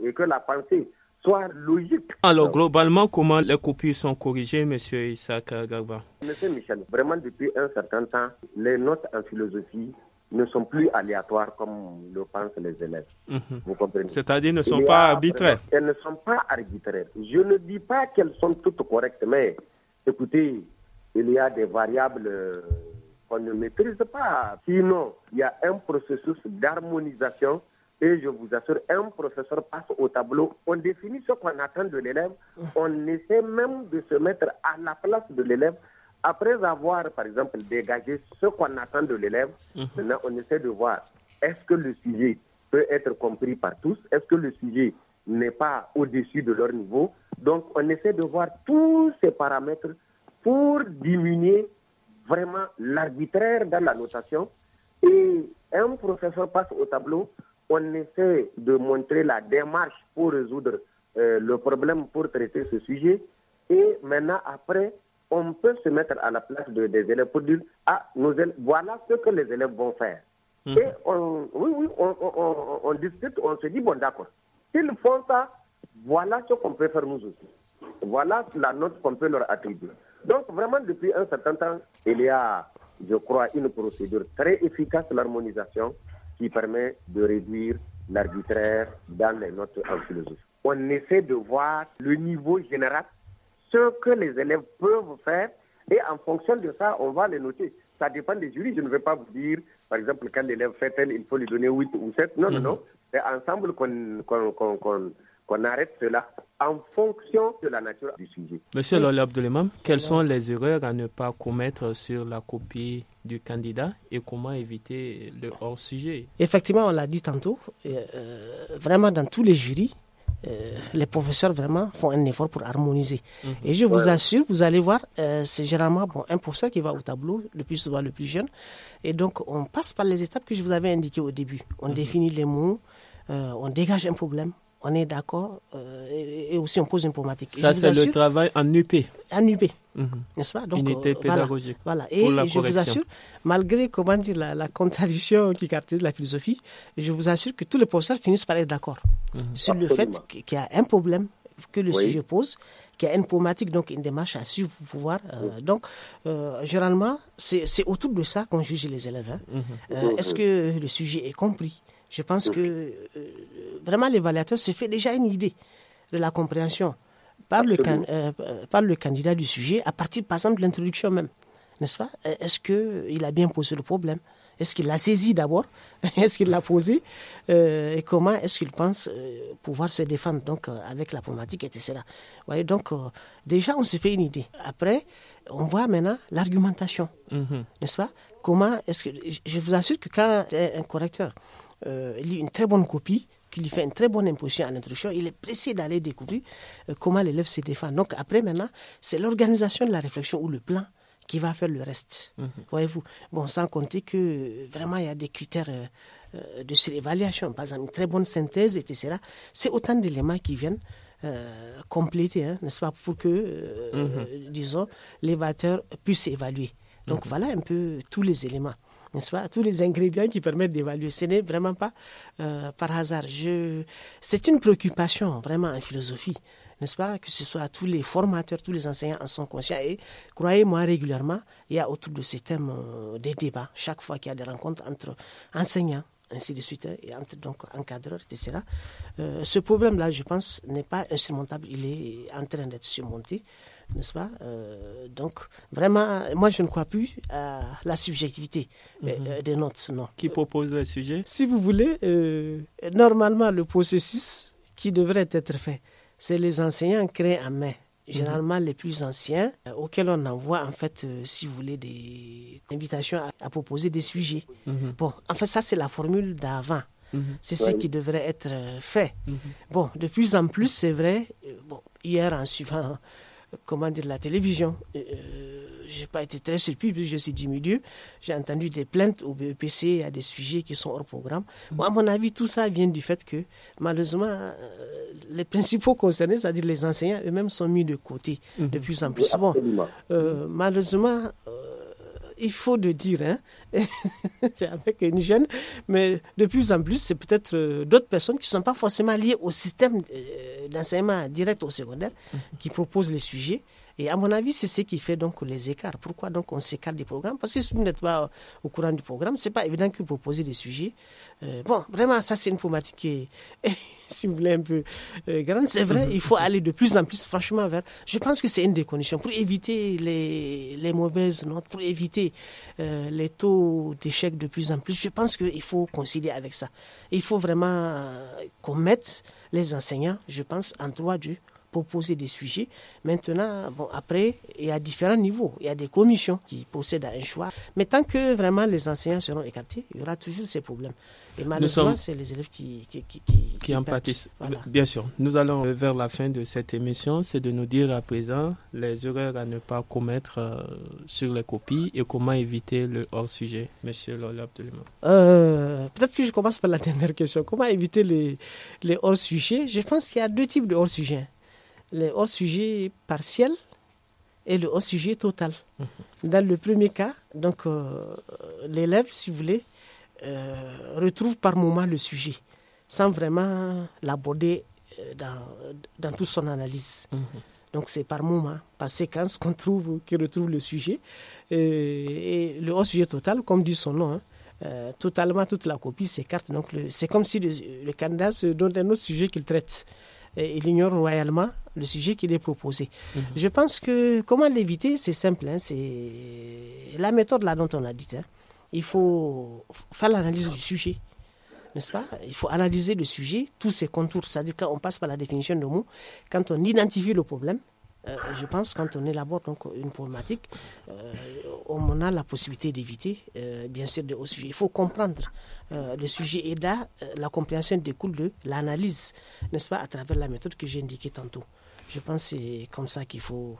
et que la pensée soit logique. Alors, globalement, comment les copies sont corrigées, M. Isaac Gagba Monsieur Michel, vraiment, depuis un certain temps, les notes en philosophie ne sont plus aléatoires comme le pensent les élèves. Mhm. Vous comprenez C'est-à-dire ne sont pas arbitraires. Elles ne sont pas arbitraires. Je ne dis pas qu'elles sont toutes correctes, mais écoutez, il y a des variables euh, qu'on ne maîtrise pas. Sinon, il y a un processus d'harmonisation et je vous assure, un professeur passe au tableau, on définit ce qu'on attend de l'élève, on essaie même de se mettre à la place de l'élève. Après avoir, par exemple, dégagé ce qu'on attend de l'élève, mhm. maintenant on essaie de voir est-ce que le sujet peut être compris par tous, est-ce que le sujet n'est pas au-dessus de leur niveau. Donc on essaie de voir tous ces paramètres pour diminuer vraiment l'arbitraire dans la notation. Et un professeur passe au tableau, on essaie de montrer la démarche pour résoudre euh, le problème, pour traiter ce sujet. Et maintenant, après, on peut se mettre à la place des élèves pour dire, ah, voilà ce que les élèves vont faire. Mmh. Et on, oui, oui, on, on, discute, on se dit, bon, d'accord, s'ils font ça, voilà ce qu'on peut faire nous aussi. Voilà la note qu'on peut leur attribuer. Donc, vraiment, depuis un certain temps, il y a, je crois, une procédure très efficace, l'harmonisation qui permet de réduire l'arbitraire dans les notes en philosophie. On essaie de voir le niveau général, ce que les élèves peuvent faire, et en fonction de ça, on va les noter. Ça dépend des jurys. Je ne vais pas vous dire, par exemple, quand l'élève fait tel, il faut lui donner 8 ou 7. Non, non, mhm. non. C'est ensemble qu'on arrête cela en fonction de la nature du sujet. Monsieur Lola, de quelles sont les erreurs à ne pas commettre sur la copie du candidat et comment éviter le hors-sujet. Effectivement, on l'a dit tantôt, euh, euh, vraiment dans tous les jurys, euh, les professeurs vraiment font un effort pour harmoniser. Mhm. Et je vous assure, vous allez voir, c'est généralement bon, un professeur qui va au tableau, le plus souvent le plus jeune. Et donc, on passe par les étapes que je vous avais indiquées au début. On mhm. définit les mots, on dégage un problème, on est d'accord, euh, et, aussi on pose une problématique. Ça, c'est le travail en UP. En UP, mhm. n'est-ce pas Donc, Unité euh, pédagogique. Voilà, et, et je vous assure, malgré comment dire, la, la, contradiction qui caractérise la philosophie, je vous assure que tous les professeurs finissent par être d'accord mhm. sur le fait qu'il y a un problème que le sujet pose, qu'il y a une problématique, donc une démarche à suivre pour pouvoir. Euh, donc, généralement, c'est autour de ça qu'on juge les élèves. Hein. Mhm. Est-ce que le sujet est compris je pense que euh, vraiment l'évaluateur se fait déjà une idée de la compréhension euh, par le, candidat du sujet à partir, par exemple, de l'introduction même. N'est-ce pas euh, Est-ce qu'il a bien posé le problème Est-ce qu'il l'a saisi d'abord Est-ce qu'il l'a posé Et comment est-ce qu'il pense pouvoir se défendre donc, avec la problématique, etc. Voyez, donc, déjà, on se fait une idée. Après, on voit maintenant l'argumentation. Mmh n'est-ce pas Comment est-ce que. Je vous assure que quand un correcteur euh, il lit une très bonne copie, qui lui fait une très bonne impression en introduction, il est pressé d'aller découvrir euh, comment l'élève se défend. Donc après, maintenant, c'est l'organisation de la réflexion ou le plan qui va faire le reste. Mhm. Voyez-vous Bon, sans compter que vraiment, il y a des critères euh, de surévaluation. Par exemple, une très bonne synthèse, etc. C'est autant d'éléments qui viennent compléter, hein, n'est-ce pas, pour que, mhm. disons, l'évateur puisse évaluer. Donc mhm. voilà un peu tous les éléments n'est-ce pas Tous les ingrédients qui permettent d'évaluer. Ce n'est vraiment pas euh, par hasard. Je... C'est une préoccupation vraiment en philosophie, n'est-ce pas Que ce soit tous les formateurs, tous les enseignants en sont conscients. Et croyez-moi, régulièrement, il y a autour de ces thèmes euh, des débats. Chaque fois qu'il y a des rencontres entre enseignants, ainsi de suite, et entre donc encadreurs, etc. Euh, ce problème-là, je pense, n'est pas insurmontable. Il est en train d'être surmonté n'est-ce pas euh, Donc, vraiment, moi, je ne crois plus à la subjectivité euh, mhm. euh, des notes, non. Qui propose le sujet Si vous voulez, normalement, le processus qui devrait être fait, c'est les enseignants créés en main. Mhm. Généralement, les plus anciens, auxquels on envoie, en fait, si vous voulez, des invitations à, proposer des sujets. Mhm. Bon, en fait, ça, c'est la formule d'avant. C'est ce qui devrait être fait. Bon, de plus en plus, c'est vrai, bon, hier en suivant comment dire, la télévision. Je euh, j'ai pas été très surpris puisque je suis du milieu. J'ai entendu des plaintes au BEPC à des sujets qui sont hors programme. Mhm. Moi, à mon avis, tout ça vient du fait que, malheureusement, euh, les principaux concernés, c'est-à-dire les enseignants eux-mêmes, sont mis de côté mhm. de plus en plus. Bon, euh, malheureusement, il faut le dire, hein. c'est avec une jeune, mais de plus en plus, c'est peut-être euh, d'autres personnes qui ne sont pas forcément liées au système euh, d'enseignement direct au secondaire mm-hmm. qui proposent les sujets. Et à mon avis, c'est ce qui fait donc les écarts. Pourquoi donc on s'écarte du programme Parce que si vous n'êtes pas euh, au courant du programme, c'est pas évident que vous proposez des sujets. Euh, bon, vraiment, ça c'est une problématique qui est, si vous voulez, un peu euh, grande. C'est vrai, mhm. il faut aller de plus en plus franchement vers... Je pense que c'est une des conditions pour éviter les, les mauvaises notes, pour éviter les taux d'échec de plus en plus. Je pense qu'il faut concilier avec ça. Il faut vraiment qu'on mette les enseignants, je pense, en droit du proposer des sujets. Maintenant, bon, après, il y a différents niveaux. Il y a des commissions qui possèdent un choix. Mais tant que vraiment les enseignants seront écartés, il y aura toujours ces problèmes. Et malheureusement, c'est les élèves qui, qui, qui, qui, en pâtissent. Bien sûr. Nous allons vers la fin de cette émission. C'est de nous dire à présent les erreurs à ne pas commettre euh, sur les copies et comment éviter le hors-sujet, monsieur Lola euh, Peut-être que je commence par la dernière question. Comment éviter les, les hors-sujets Je pense qu'il y a deux types de hors-sujets le haut sujet partiel et le haut sujet total. Mhm. Dans le premier cas, donc euh, l'élève, si vous voulez, euh, retrouve par moment le sujet sans vraiment l'aborder euh, dans, dans, toute son analyse. Mhm. Donc c'est par moment, par séquence qu'on trouve, qu'il retrouve le sujet. et le haut sujet total, comme dit son nom, hein, totalement toute la copie s'écarte. Donc c'est comme si le, candidat se donne un autre sujet qu'il traite. il ignore royalement le sujet qu'il est proposé. Mhm. Je pense que comment l'éviter, c'est simple. Hein, c'est la méthode là dont on a dit. Hein. Il faut faire l'analyse du sujet. N'est-ce pas Il faut analyser le sujet, tous ses contours. C'est-à-dire qu'on on passe par la définition de mots, quand on identifie le problème, euh, je pense quand on élabore donc une problématique, euh, on a la possibilité d'éviter, euh, bien sûr, de, sujet. Il faut comprendre le sujet et là, la compréhension découle de l'analyse, n'est-ce pas, à travers la méthode que j'ai indiquée tantôt. Je pense que c'est comme ça qu'il faut,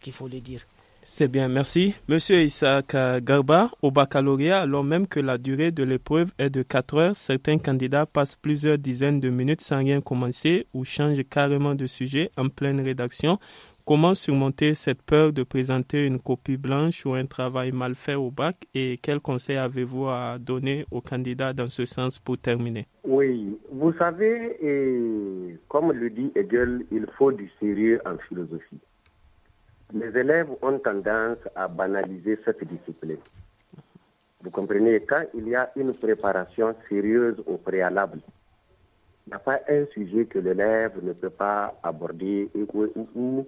qu'il faut le dire. C'est bien, merci. Monsieur Isaac Garba, au baccalauréat, alors même que la durée de l'épreuve est de 4 heures, certains candidats passent plusieurs dizaines de minutes sans rien commencer ou changent carrément de sujet en pleine rédaction. Comment surmonter cette peur de présenter une copie blanche ou un travail mal fait au bac et quels conseils avez-vous à donner aux candidats dans ce sens pour terminer Oui, vous savez, comme le dit Hegel, il faut du sérieux en philosophie. Les élèves ont tendance à banaliser cette discipline. Vous comprenez, quand il y a une préparation sérieuse au préalable, il n'y a pas un sujet que l'élève ne peut pas aborder ou,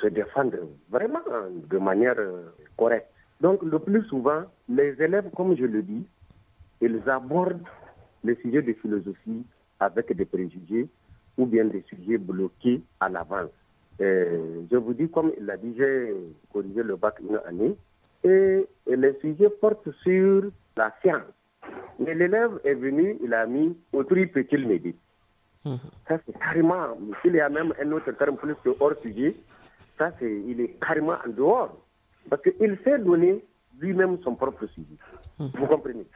se défendre vraiment de manière euh, correcte. Donc le plus souvent, les élèves, comme je le dis, ils abordent les sujets de philosophie avec des préjugés ou bien des sujets bloqués à l'avance. Euh, je vous dis, comme il l'a dit, j'ai corrigé le bac une année et, les sujets portent sur la science. Mais l'élève est venu, il a mis autrui peut-il m'aider. Mmh. Ça, c'est carrément, il y a même un autre terme plus que hors sujet, ça il est carrément en dehors. Parce qu'il fait donner lui-même son propre sujet. Hmm. Vous comprenez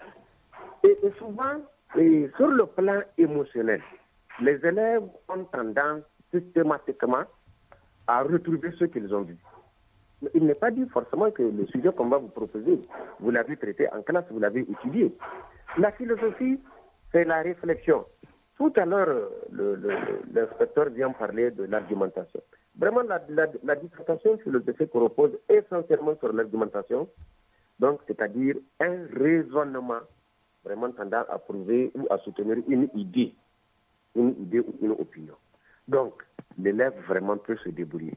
et, souvent, et sur le plan émotionnel, les élèves ont tendance systématiquement à retrouver ce qu'ils ont vu. Il n'est pas dit forcément que le sujet qu'on va vous proposer, vous l'avez traité en classe, vous l'avez étudié. La philosophie, c'est la réflexion. Tout à l'heure, l'inspecteur vient parler de l'argumentation. Vraiment, la, la, la dissertation philosophique repose essentiellement sur l'argumentation, donc c'est-à-dire un raisonnement vraiment tendant à prouver ou à soutenir une idée, une idée ou une opinion. Donc, l'élève vraiment peut se débrouiller.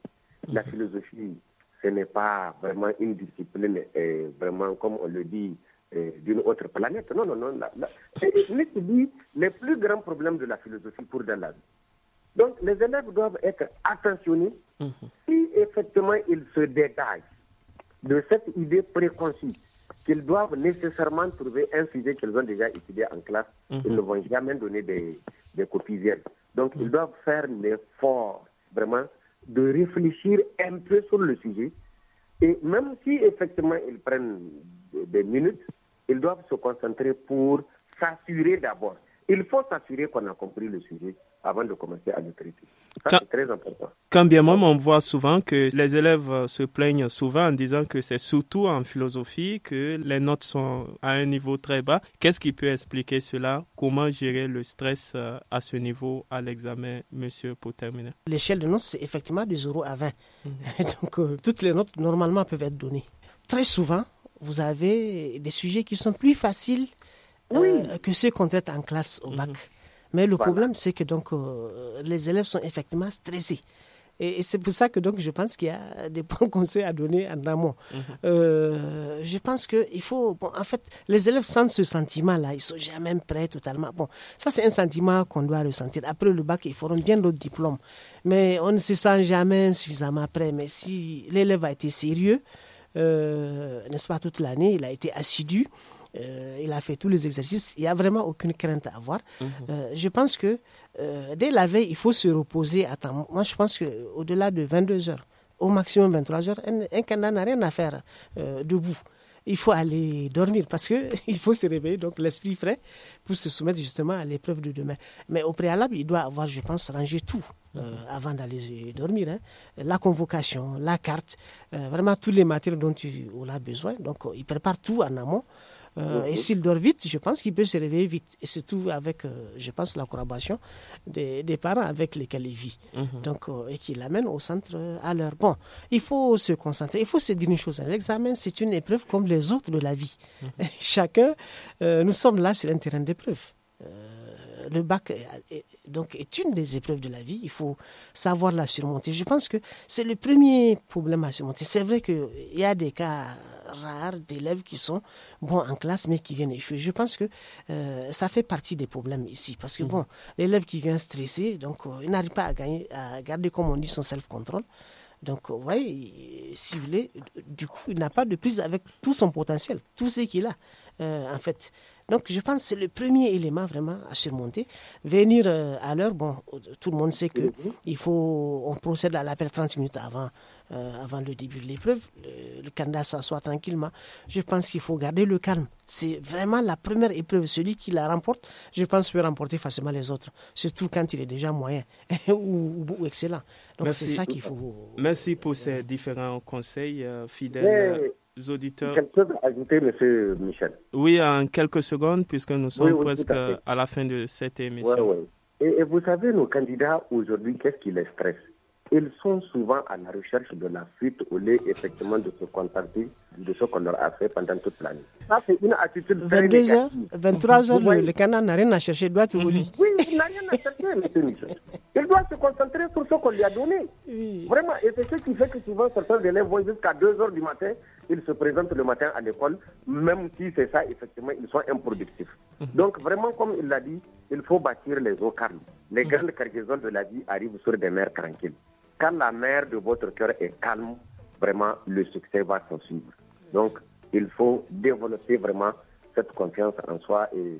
La mhm. philosophie, ce n'est pas vraiment une discipline, euh, vraiment, comme on le dit, euh, d'une autre planète. Non, non, non. C'est la... dit, les plus grands problèmes de la philosophie pour Dallas. Donc, les élèves doivent être attentionnés mhm. si effectivement ils se dégagent de cette idée préconçue qu'ils doivent nécessairement trouver un sujet qu'ils ont déjà étudié en classe. Mhm. Ils ne vont jamais donner des, des copies Donc, ils mhm. doivent faire l'effort vraiment de réfléchir un peu sur le sujet. Et même si effectivement ils prennent des minutes, ils doivent se concentrer pour s'assurer d'abord. Il faut s'assurer qu'on a compris le sujet avant de commencer à le traiter. c'est très important. Quand bien même on voit souvent que les élèves euh, se plaignent souvent en disant que c'est surtout en philosophie que les notes sont à un niveau très bas. Qu'est-ce qui peut expliquer cela Comment gérer le stress euh, à ce niveau à l'examen, monsieur, pour terminer L'échelle de notes, c'est effectivement de 0 à 20. Mhm. Donc, euh, toutes les notes, normalement, peuvent être données. Très souvent, vous avez des sujets qui sont plus faciles que ceux qu'on traite en classe au mhm. bac. Mais le problème, c'est que donc, euh, les élèves sont effectivement stressés. Et, c'est pour ça que donc, je pense qu'il y a des bons conseils à donner en amont. Mhm. Euh, je pense qu'il faut. Bon, en fait, les élèves sentent ce sentiment-là. Ils ne sont jamais prêts totalement. Bon, ça, c'est un sentiment qu'on doit ressentir. Après le bac, ils feront bien d'autres diplômes. Mais on ne se sent jamais suffisamment prêt. Mais si l'élève a été sérieux, euh, n'est-ce pas, toute l'année, il a été assidu. Euh, il a fait tous les exercices, il n'y a vraiment aucune crainte à avoir. Mhm. Euh, je pense que euh, dès la veille, il faut se reposer à temps. Moi, je pense qu'au-delà de 22 heures, au maximum 23 heures, un, candidat n'a rien à faire debout. Il faut aller dormir parce qu'il faut se réveiller, donc l'esprit frais, pour se soumettre justement à l'épreuve de demain. Mais au préalable, il doit avoir, je pense, rangé tout. Mhm. avant d'aller dormir. Hein. La convocation, la carte, vraiment toutes les matières dont on a besoin. Donc, il prépare tout en amont. Euh, et s'il dort vite, je pense qu'il peut se réveiller vite. Et surtout avec, euh, je pense, la collaboration des, parents avec lesquels il vit. Mhm. Donc, euh, et qui l'amène au centre à l'heure. Bon, il faut se concentrer. Il faut se dire une chose. L'examen, c'est une épreuve comme les autres de la vie. Mhm. Chacun, nous sommes là sur un terrain d'épreuve le bac donc, est une des épreuves de la vie. Il faut savoir la surmonter. Je pense que c'est le premier problème à surmonter. C'est vrai qu'il y a des cas rares d'élèves qui sont bons en classe, mais qui viennent échouer. Je pense que euh, ça fait partie des problèmes ici. Parce que, mm. bon, l'élève qui vient stressé, donc, euh, il n'arrive pas à, gagner, à garder, comme on dit, son self-control. Donc, euh, vous voyez, si vous voulez, du coup, il n'a pas de prise avec tout son potentiel, tout ce qu'il a, en fait. Donc, je pense que c'est le premier élément vraiment à surmonter. Venir euh, à l'heure, bon, tout le monde sait que mhm. il faut, on procède à l'appel 30 minutes avant, euh, avant le début de l'épreuve. Le, candidat s'assoit tranquillement. Je pense qu'il faut garder le calme. C'est vraiment la première épreuve. Celui qui la remporte, je pense, peut remporter facilement les autres, surtout quand il est déjà moyen ou, excellent. Donc, c'est ça qu'il faut. Merci pour ces différents conseils euh, fidèles auditeurs. Quelque chose à ajouter, monsieur Michel Oui, en quelques secondes, puisque nous sommes presque à, la fin de cette émission. Et, vous savez, nos candidats aujourd'hui, qu'est-ce qui les stresse ils sont souvent à la recherche de la fuite au lieu effectivement de se contenter de ce qu'on leur a fait pendant toute l'année. Ça, c'est une attitude 22 très 23 h le, le n'a rien à chercher, doit mhm. Oui, il n'a rien à chercher, monsieur Michel. Il doit se concentrer sur ce qu'on lui a donné. Vraiment, et c'est ce qui fait que souvent certains élèves vont jusqu'à 2 h du matin, ils se présentent le matin à l'école, même si c'est ça, effectivement, ils sont improductifs. Mhm. Donc vraiment, comme il l'a dit, il faut bâtir les eaux calmes. Les mhm. grandes cargaisons de la vie arrivent sur des mers tranquilles. Quand la mer de votre cœur est calme, vraiment, le succès va s'en suivre. Donc, il faut développer vraiment cette confiance en soi et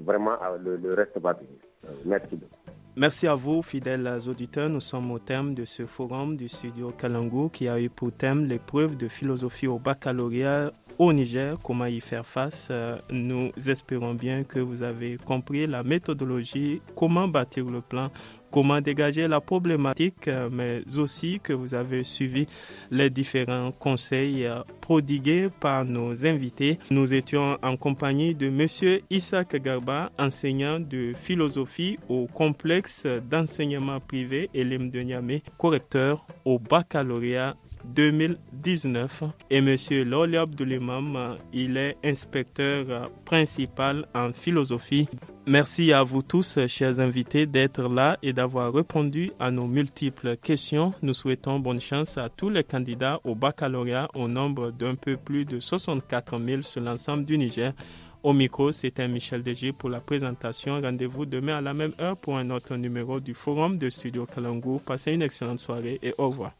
vraiment, euh, le, le reste va venir. Euh, merci beaucoup. Merci à vous, fidèles auditeurs. Nous sommes au thème de ce forum du studio Kalangu qui a eu pour thème l'épreuve de philosophie au baccalauréat au Niger, comment y faire face. Euh, nous espérons bien que vous avez compris la méthodologie, comment bâtir le plan comment dégager la problématique, euh, mais aussi que vous avez suivi les différents conseils euh, prodigués par nos invités. Nous étions en compagnie de M. Isaac Garba, enseignant de philosophie au complexe d'enseignement privé et de correcteur au baccalauréat 2019. Et monsieur Loli Abdoulimam, il est inspecteur principal en philosophie. Merci à vous tous, chers invités, d'être là et d'avoir répondu à nos multiples questions. Nous souhaitons bonne chance à tous les candidats au baccalauréat au nombre d'un peu plus de 64 000 sur l'ensemble du Niger. Au micro, c'était Michel Dégé pour la présentation. Rendez-vous demain à la même heure pour un autre numéro du Forum de Studio Kalangou. Passez une excellente soirée et au revoir.